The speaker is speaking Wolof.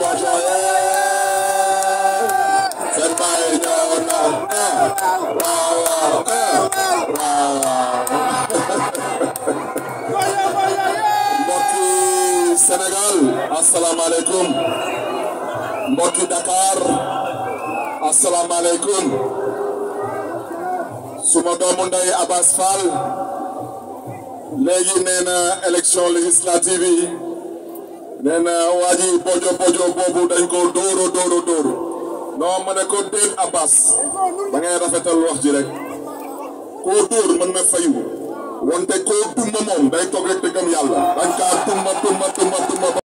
boto yee seen baay ñëw na waaw waaw waaw mbokki Sénégal asalaamaaleykum mbokki Dakar asalaamaaleykum suma doomu ndey Abass Fall léegi nee na élection législative yi nee na waa ji bojo bojo boobu dañ ko dóoro dóoro dóoro non ma ne ko déet Abbas ba ngay rafetal wax ji rek koo dóor mën na fayu wante koo tumma moom day toog rek yàlla dañ kaa tumma tumma tumma tumma